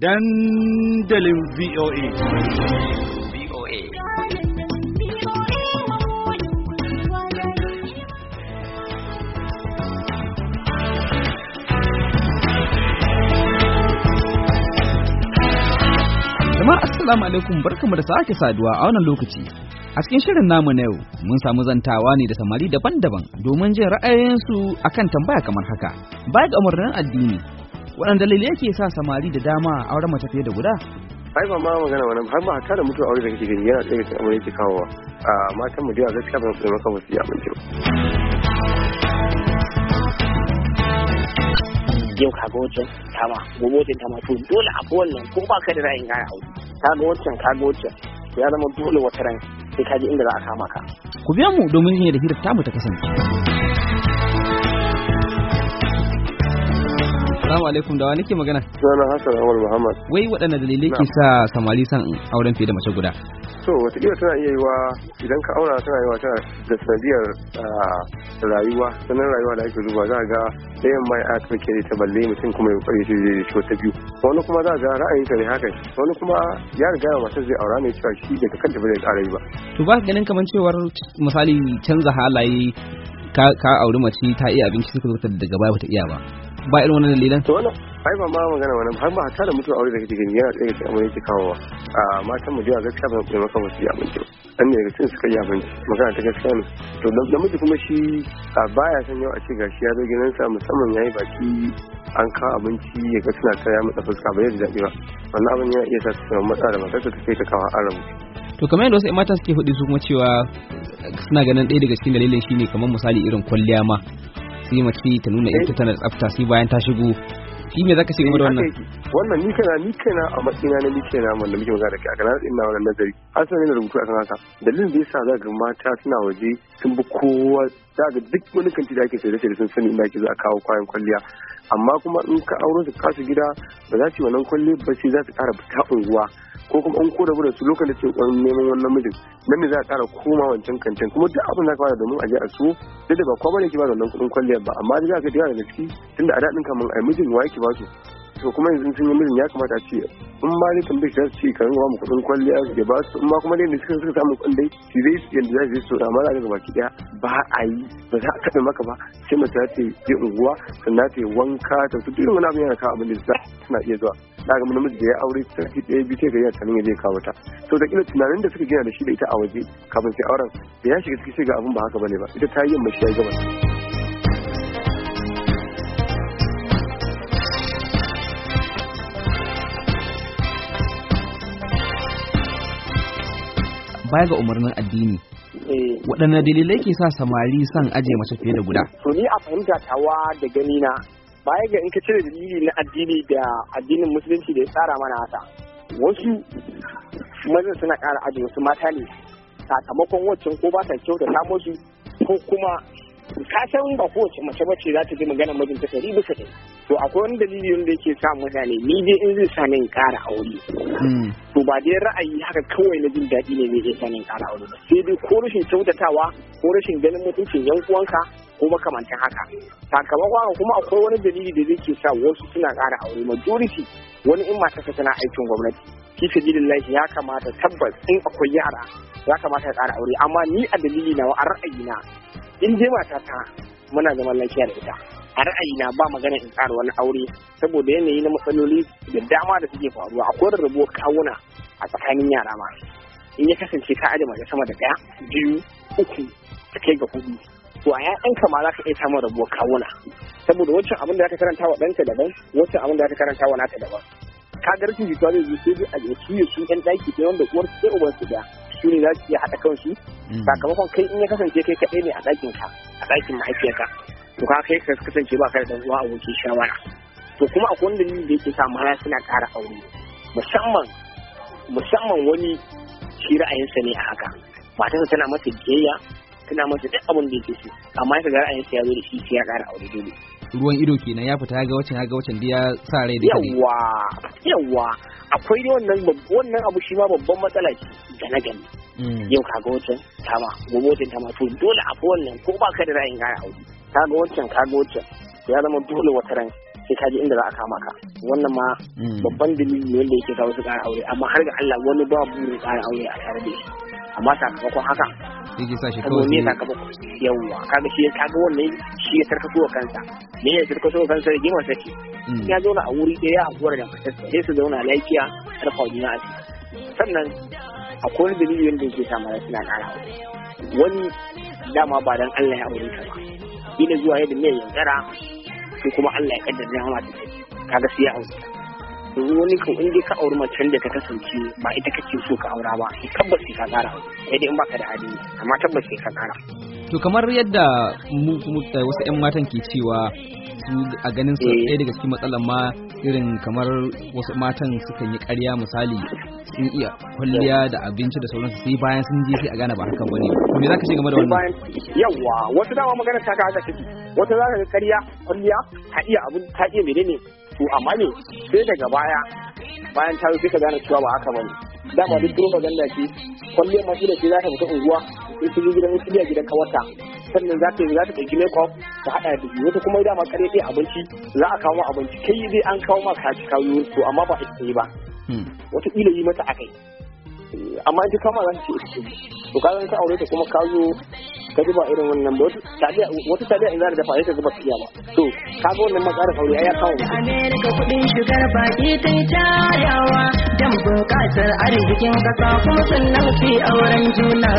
dandalin VOA. VOA. Assalamu alaikum barkamu da sake saduwa a wannan lokaci. A cikin shirin namu na yau mun samu zantawa ne da samari daban-daban domin jin ra'ayoyinsu akan tambaya kamar haka. Baya ga umarnin addini, waɗanda dalilai yake sa samari da dama a auren mace fiye da guda ai ba ma magana wannan har ma hatta da mutuwa aure da kake gani yana daga cikin abin yake kawowa a matan mu da gaskiya ban su maka wasu ya amince ba yau kaga wancan tama gobe wancan tama to dole a wannan ko ba ka da ra'ayin gara aure kaga wancan kaga wancan ya zama dole wata ran sai ka ji inda za a kama ka ku biya mu domin yin da hirar tamu ta kasance Assalamu alaikum da wa nake magana? Sunana Hassan Awal Muhammad. Wai waɗanne dalilai ke sa samari san auren fiye da mace guda? So wataƙila tana iya yiwa idan ka aura tana yiwa tana da sanadiyar ah, rayuwa sanar rayuwa da ake zuba za ga ɗayan mai a karke ta balle mutum kuma ya kwari shi da shi biyu wani kuma za ga ra'ayinka ne haka wani kuma ya riga ya matar zai aura ne cewa shi daga kanta ba zai ƙara yi ba. To ba ganin kamar cewar misali canza halaye ka auri mace ta iya abinci suka zo daga baya bata iya ba ba irin wannan dalilan to wannan ai ba ma magana wannan har ba hatta da mutuwa aure da kake gani yana tsaye da amma yake kawowa a matan mu jiya gaskiya ba su maka ba su yi abinci dan ne ga cikin suka yi abinci magana ta gaskiya ne to namiji kuma shi baya san yau a ce gashi ya zo gidansa musamman yayi baki an kawo abinci ya ga suna ta ya matsa fuska ba yadda daɗi ba wannan abin yana iya sa su samu matsala da kai ta kai ta kawo an rabu to kamar yadda wasu mata suke faɗi su kuma cewa suna ganin ɗaya daga cikin dalilin shine kamar misali irin kwalliya ma sai mace ta nuna ita tana tsafta sai bayan ta shigo shi me zaka ce game da wannan wannan ni kana ni kana a matsayina na ni kana mun da muke magana da kai kana ina wannan nazari asali ne rubutu akan haka dalilin da yasa zaka ga mata suna waje sun bi kowa zaka duk wani kanti da ake sai da sun sani ina ake za a kawo kwayan kwalliya amma kuma in ka auro su kasu gida ba za su yi wannan kwalle ba sai za su ƙara fita unguwa ko kuma an ko da su lokacin da neman wannan mijin nan ne za a ƙara koma wancan kantin kuma duk abin da ka fara domin a a su duk da ba kowa bane ke ba da wannan kuɗin kwalliyar ba amma da za ka da ciki tunda a daɗin kamar a mijin wa yake ba su to kuma yanzu sun yi mijin ya kamata a ce in ma dai tambayi ta ce ka ba mu kuɗin kwalliya ke ba su in ma kuma ne suka suka samu kwallai su zai su yanzu za su je su da amma za baki daya ba a yi ba za a taɓa maka ba sai mace ta ce unguwa sannan ta yi wanka ta su irin wani abin yana kawo abin da su suna iya zuwa na ga namiji da ya aure ta ce ɗaya biyu sai ga yana tanin ya zai kawo ta to da kila tunanin da suka gina da shi da ita a waje kafin sai auren da ya shiga ciki sai ga abin ba haka bane ba ita ta yi yamma shi ya gaba. baya ga umarnin addini eh. waɗanne dalilai ke sa samari son ajiye mace fiye da guda to ni a fahimta tawa da gani na baya ga in ka cire dalili na addini da addinin musulunci da ya tsara mana haka wasu mazan suna ƙara ajiye wasu mata ne sakamakon waccan ko ba ta kyau ta musu ko kuma ka san ba kowace mace bace za ta ji magana mijinta ɗari bisa ɗari to akwai wani dalili wanda yake sa mutane ni dai in zai sa min ƙara aure hmm. to ba dai ra'ayi haka kawai na jin daɗi ne zai sa in ƙara aure sai dai ko rashin kyautatawa ko rashin ganin mutuncin yan uwanka ko makamantan haka sakamakon haka kuma akwai wani dalili da zai ke sa wasu suna ƙara aure majority wani in mata ka tana aikin gwamnati fi lafi ya kamata tabbas in akwai yara ya kamata ya ƙara aure amma ni a dalili na a ra'ayi na in je matata muna zaman lafiya da ita a na ba magana in tsara wani aure saboda yanayi na matsaloli da dama da suke faruwa a kodar rabuwa kawuna a tsakanin yara ma in ya kasance ka aje mace sama da ɗaya biyu uku ta kai ga hudu to a ƴaƴanka ma za ka iya samun rabuwa kawuna saboda wancan abin da za ka karanta wa ɗanka daban wancan abin da za ka karanta wa naka daban ka ga rashin jituwa zai zo sai dai su ya su ɗan ɗaki ta wanda uwar sai uban su ɗaya su ne za su iya haɗa kansu hmm. sakamakon kai in ya kasance kai kaɗai ne a ɗakin ka a ɗakin mahaifiyarka to ka kai ka kasance ba kai da dan uwa abokin shawara to kuma akwai wanda da yake sa mara suna ƙara aure musamman musamman wani shi ra'ayinsa ne a haka matarsa tana masa biyayya tana masa duk abin da yake so amma ya ga ra'ayinsa ya zo da shi sai ya ƙara aure dole ruwan ido kenan ya fita ga wacin ga wacin ya sa rai da yawa yawa akwai dai wannan wannan abu shi ma babban matsala ce da na gani yau kaga wacin tama gobe wacin tama to dole a wannan ko ba ka da ra'ayin ƙara aure kaga wancan kaga wancan ya zama dole wata ran sai kaji inda za a kama ka wannan ma hmm. babban dalili ne wanda yake kawo su ƙara aure amma har ga Allah wani ba ne ƙara aure a tare da shi amma sakamakon haka yake sa shi kawai ne sakamakon yawwa kaga shi kaga wannan shi ya sarkato wa kansa ne ya sarkato wa kansa rigima sace hmm. ya zauna a wuri ɗaya ya haƙura da matarsa sai su zauna lafiya sarfa juna a sannan akwai wani dalili wanda yake sa mara suna ƙara aure wani dama ba dan Allah ya aure ka ba kila zuwa yadda mai yankara su kuma Allah ya kaddar dama ta ke kaga sai ya hausa yanzu wani kan in dai ka auri macen da ta kasance ba ita kake so ka aura ba tabbas ka kara sai dai in baka da hali amma tabbas ka kara to kamar yadda mu eh, wasu 'yan matan ke cewa su a ganin su eh. ɗaya daga cikin matsalar ma irin kamar wasu matan sukan yi ƙarya misali sun iya kwalliya da abinci da sauransu sai bayan sun je sai a gane ba haka bane to me zaka ce game da wannan yawa wasu dama magana ta ka ciki wasu wata zaka ga ƙarya kwalliya ta iya abin ta iya menene to amma ne sai daga baya bayan ta sai ka gane cewa ba haka bane dama duk duro magana ce kwalliyar masu da ce za ta fita unguwa in su gidan su gidan kawata sannan za ta za ta ɗauki makeup ta hada da biyu wata kuma dama kare dai abinci za a kawo abinci kai zai an kawo ma kaji kawo to amma ba ita yi ba hmm. wata kila yi mata akai eh, amma in ji kama za ta ce to ka zan ka aure ta kuma ka zo ka irin wannan ba wata tabi'a in za ta dafa ta zuba ta ba to ka ga wannan matsalar aure ya kawo Amerika kudin shigar baki ta tayawa dan bukatar arzikin kasa kuma sannan su auren juna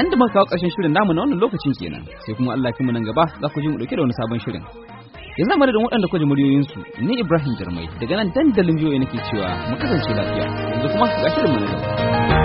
an da kawo ƙarshen shirin namu na wannan lokacin kenan sai kuma Allah kuma nan gaba za ku ji mu dauke da wani sabon shirin ya zama da waɗanda ku ji muryoyinsu ni Ibrahim Jarmai daga nan dandalin jiyoyi nake cewa mu kasance lafiya yanzu kuma ga shirin mu na gaba